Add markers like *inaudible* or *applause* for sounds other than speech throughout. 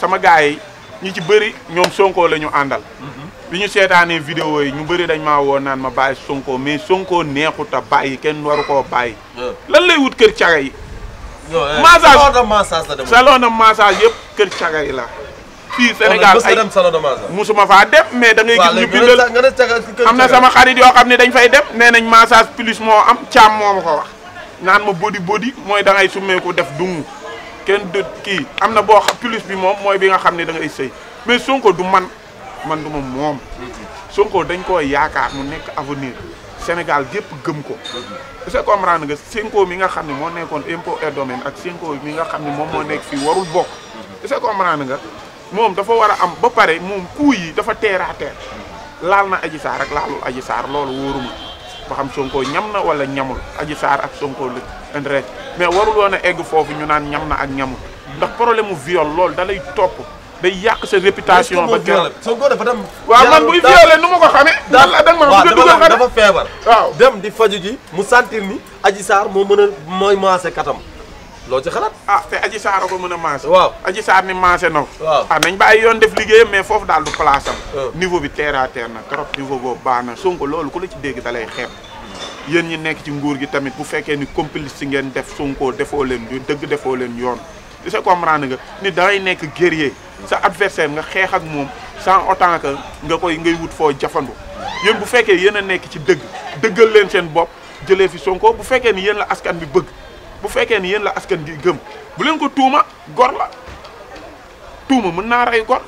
sama gars yi ñu ci bëri ñoom Sonko la ñu àndal. bi ñu seetaanee vidéo yi ñu bëri dañ maa woon naan ma bàyyi Sonko mais Sonko neexut a bàyyi kenn waru koo bàyyi. lan lay wut kër caga yi. Eh, massage salon de massage yëpp kër caga yi la. fii Sénégal ay musuma faa dem mais da ngay gis ñu bindal am na sama xarit yoo xam ne dañ fay dem nee nañ massage plus moo am caam moo ma ko wax naan ma body body mooy da summeeku def dungu Ken dë ki, amna bo xam plus bi mom moy bi nga xamni da ngay sëy mais Sonko du man man du mom Sonko dañ ko yaakaar mu nek avenir senegal gep gem ko c'est comprendre nga senko mi nga xamni mo nekkon impo et domaine ak senko mi nga xamni mom mo nek fi warul bok c'est comprendre nga mom dafa wara am ba pare mom kou yi dafa terre à terre lal na aji sar ak lalul aji sar lolou woruma ba xam Sonko ñam wala ñamul aji sar ak Sonko lu indirect mais warul woon a egg foofu ñu naan ñam na ak ñamul ndax problème mu viol loolu da lay topp day yàq sa réputation. ba keroog soo góor dafa dem. waaw man buy violé nu ma ko xamee. daal la danga ma dugal dafa feebar. waaw dem di faju ji mu sentir ni. Adji Sarr moo mën a mooy maase katam. loo ci xalaat ah te Adji Sarr a ko mën a maase. waaw Adji Sarr ni maase na ko. ah nañ bàyyi yoon def liggéeyam mais foofu daal du place am. Euh. niveau bi terre à na trop niveau boobu baax na Sonko loolu ku la ci dégg da lay xeeb. yéen ñi nekk ci nguur gi tamit bu fekkee ni complice ci ngeen def Sonko defoo leen du dëgg defoo leen yoon di sa comprendre nga ni dangay nekk guerrier sa adversaire nga xeex ak moom sans autant que nga koy ngay wut foo jafandu yéen bu fekkee yéen a nekk ci dëgg dëggal leen seen bopp jëlee fi Sonko bu fekkee ni yéen la askan bi bëgg bu fekkee ni yéen la askan bi gëm bu leen ko tuuma gor la tuuma mën naa rey gor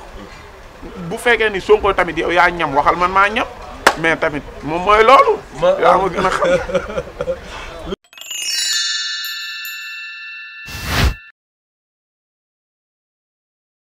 bu fekkee ni Sonko tamit yow yaa ñam waxal man maa ñam mais tamit moom mooy loolu. yaa ma xam. *laughs*